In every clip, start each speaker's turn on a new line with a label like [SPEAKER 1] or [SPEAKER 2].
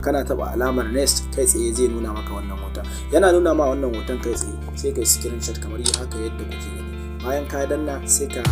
[SPEAKER 1] kana taba alamar nest kai tsaye zai nuna maka wannan hoton yana nuna ma wannan hoton kai tsaye sai kai screenshot kamar yi haka yadda kuke gani bayan ka danna sai ka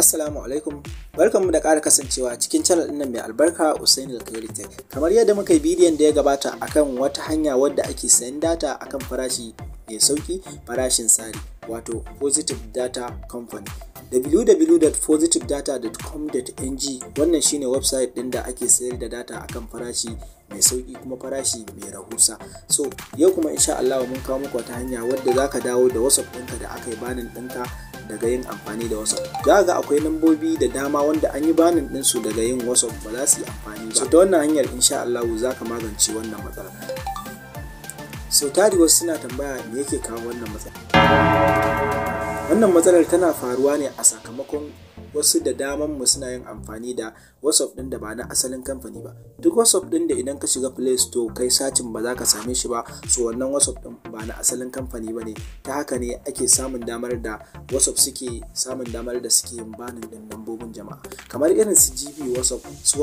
[SPEAKER 1] Assalamu alaikum mu da ƙara kasancewa cikin channel ɗin mai albarka Usaini da Tech. Kamar yadda muka yi bidiyon da ya gabata akan wata hanya wadda ake sayan data akan farashi mai sauki farashin tsari wato Positive Data Company. www.positivedata.com.ng wannan shine website ɗin da ake sayar da data akan farashi mai sauki kuma farashi mai rahusa so yau kuma insha Allah mun kawo muku wata hanya wadda zaka dawo da WhatsApp ɗinka da aka yi banin ɗinka daga yin amfani da whatsapp za ga akwai lambobi da dama wanda an yi banin ɗinsu daga yin whatsapp ba za su yi amfani ba ta wannan hanyar insha Allah za ka magance wannan matsala sau tari wasu suna tambaya me yake kawo wannan matsala wannan matsalar tana faruwa ne a sakamakon wasu da daman mu suna yin amfani da WhatsApp ɗin da ba na asalin kamfani ba duk WhatsApp ɗin da idan ka shiga Play Store kai sacin ba za ka same shi ba so wannan WhatsApp ɗin ba na asalin kamfani ba ne ta haka ne ake samun damar da WhatsApp suke samun damar da suke yin banin ɗin lambobin jama'a kamar irin su GB WhatsApp su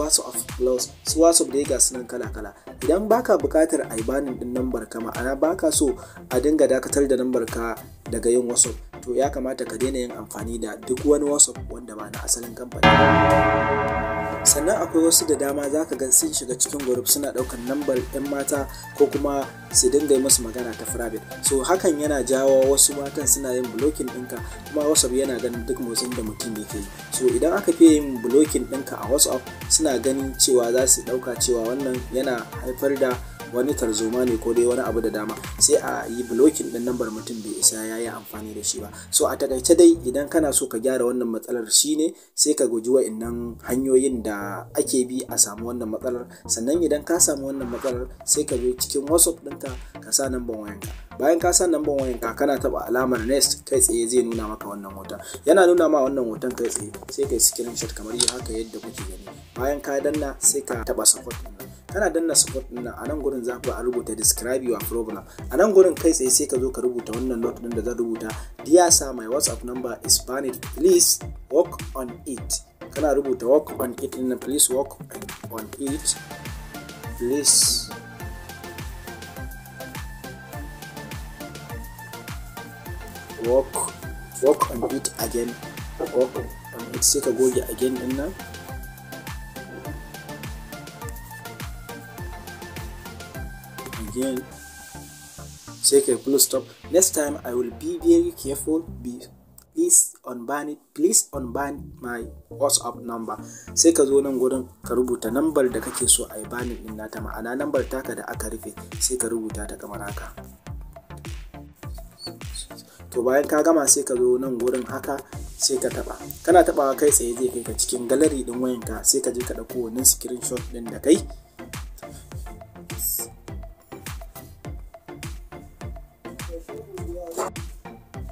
[SPEAKER 1] WhatsApp da ya ga sunan kala-kala idan baka bukatar a yi banin ɗin lambar ka ma'ana baka so a dinga dakatar da lambar ka daga yin whatsapp to ya kamata ka daina yin amfani da duk wani whatsapp wanda ba na asalin kamfani sannan akwai wasu da dama za ka gan sun shiga cikin group suna ɗaukar nambar 'yan mata ko kuma su dinga yi musu magana ta private so hakan yana jawo wasu matan suna yin blocking ɗinka kuma whatsapp yana ganin duk motsin da mutum yake yi so idan aka fiye yin blocking ɗinka a whatsapp suna ganin cewa za su ɗauka cewa wannan yana haifar da wani tarzoma ne ko dai wani abu da dama sai a yi blocking din lambar mutum bai isa ya yi amfani da shi ba so a takaice dai idan kana so ka gyara wannan matsalar shine sai ka guji wa'annan hanyoyin da ake bi a samu wannan matsalar sannan idan ka samu wannan matsalar sai ka zo cikin whatsapp ɗinka ka sa namban wayanka bayan ka sa namban wayanka kana taba alamar next kai tsaye zai nuna maka wannan hoton yana nuna ma wannan hoton kai tsaye sai kai screenshot kamar haka yadda kuke gani bayan ka danna sai ka taba support kana danna support din nan a nan gurin za ku a rubuta describe your problem a nan gurin kai tsaye sai ka zo ka rubuta wannan note din da zan rubuta dear sir my whatsapp number is banned please work on it kana rubuta work on it din nan please work on it please work work on it again work on it sai ka goge again din nan again take a close stop next time i will be very careful be please unban it please unban my whatsapp number sai ka zo nan gurin ka rubuta number da kake so a yi banin din nata ma'ana number taka da aka rufe sai ka rubuta ta kamar haka to bayan ka gama sai ka zo nan gurin haka sai ka taba kana tabawa kai tsaye zai kai ka cikin gallery din wayanka sai ka je ka dauko wannan screenshot din da kai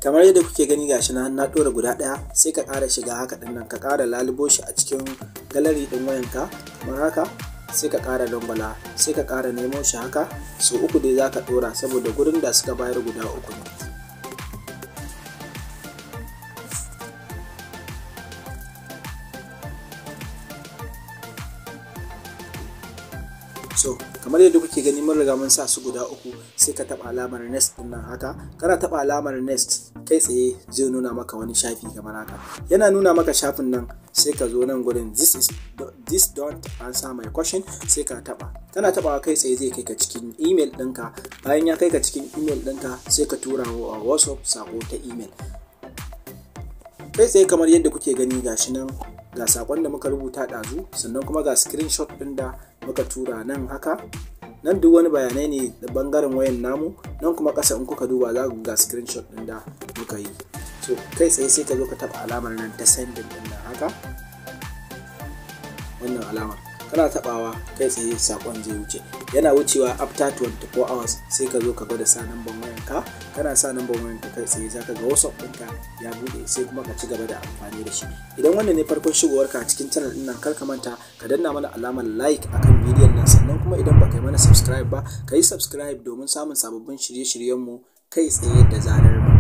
[SPEAKER 1] kamar yadda kuke gani gashi na na ɗora guda daya sai ka kara shiga haka din nan ka kara lalubo shi a cikin galari din wayanka kamar haka sai ka kara dambala sai ka kara nemo shi haka sau uku dai zaka dora saboda gurin da suka bayar guda uku ne so kamar yadda kuke gani mun riga mun sa su guda uku sai ka taba alamar next din nan haka kana taba alamar next kai tsaye zai nuna maka wani shafi kamar haka yana nuna maka shafin nan sai ka zo nan gurin this is this don't answer my question sai ka taba kana taba kai tsaye zai kai ka cikin email ɗinka bayan ya kai ka cikin email ɗinka sai ka tura wa whatsapp sako ta email kai tsaye kamar yadda kuke gani gashi nan ga sakon da muka rubuta ɗazu sannan kuma ga screenshot ɗin da muka tura nan haka nan duk wani bayanai ne da bangaren wayan namu nan kuma ƙasa in kuka duba za ku ga screenshot ɗin da muka yi so kai tsaye sai ka zo ka taɓa alamar nan ta sendin ɗin nan haka wannan alamar kana tabawa kai tsaye sakon zai wuce yana wucewa after 24 hours sai ka zo ka gwada sa wayan ka kana sa wayan ka kai tsaye zaka ga whatsapp ɗinka ya bude sai kuma ka ci gaba da amfani da shi idan wannan ne farkon shigowarka a cikin channel din nan kar ka manta ka danna mana alamar like akan bidiyon nan sannan kuma idan baka yi mana subscribe ba ka yi subscribe domin samun sababbin shirye shiryen mu kai tsaye da zarar ba